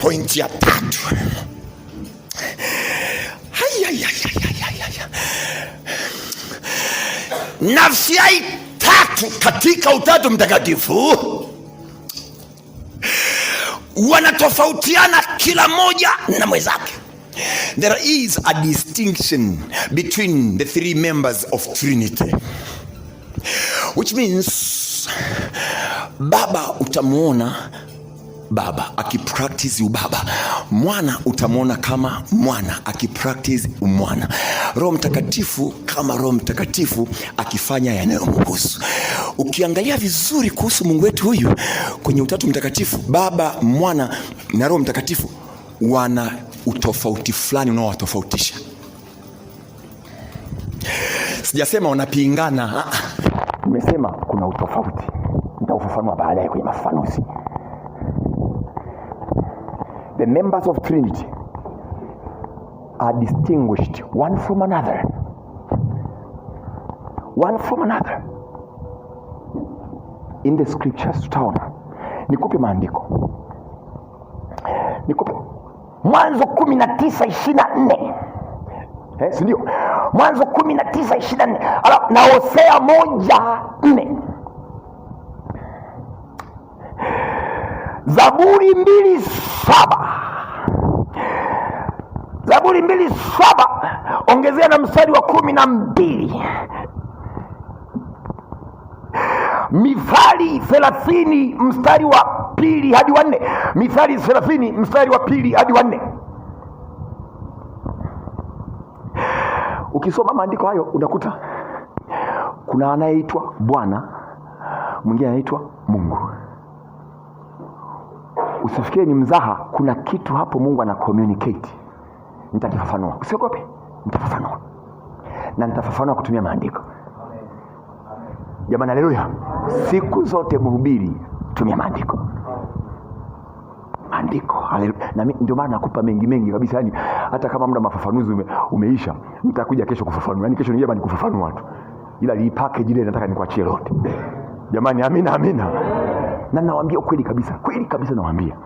pointi ya tatu nafsi hai tatu katika Utatu Mtakatifu wanatofautiana kila moja na mwezake There is a distinction between the three members of Trinity which means Baba utamwona baba akipractice ubaba, mwana utamwona kama mwana akipractice umwana, Roho Mtakatifu kama Roho Mtakatifu akifanya yanayomhusu. Ukiangalia vizuri kuhusu Mungu wetu huyu kwenye Utatu Mtakatifu, Baba, Mwana na Roho Mtakatifu wana utofauti fulani unaowatofautisha. Sijasema wanapingana, nimesema kuna utofauti. Nitaufafanua baadaye kwenye mafafanuzi the members of Trinity are distinguished one from another. One from another in the scriptures, tutaona. Nikupe maandiko, nikupe Mwanzo kumi na tisa ishirini na nne eh, Mwanzo kumi na tisa ishirini na nne na Hosea moja nne Zaburi mbili saba Zaburi mbili saba ongezea na mstari wa kumi na mbili Mithali thelathini mstari wa pili hadi wanne Mithali thelathini mstari wa pili hadi wa nne Ukisoma maandiko hayo unakuta kuna anayeitwa Bwana, mwingine anaitwa Mungu. usifikie ni mzaha, kuna kitu hapo Mungu ana communicate nitafafanua. Usiogope, nitafafanua na nitafafanua kutumia maandiko. Jamani, haleluya! Siku zote mhubiri, tumia maandiko, maandiko. Na ndio maana nakupa mengi mengi kabisa, yani hata kama muda mafafanuzi ume, umeisha, nitakuja kesho kufafanua, yani kesho nijaba nikufafanua tu, ila package ile nataka nikuachie lote. Jamani, amina, amina. Na nawaambia kweli kabisa, kweli kabisa nawaambia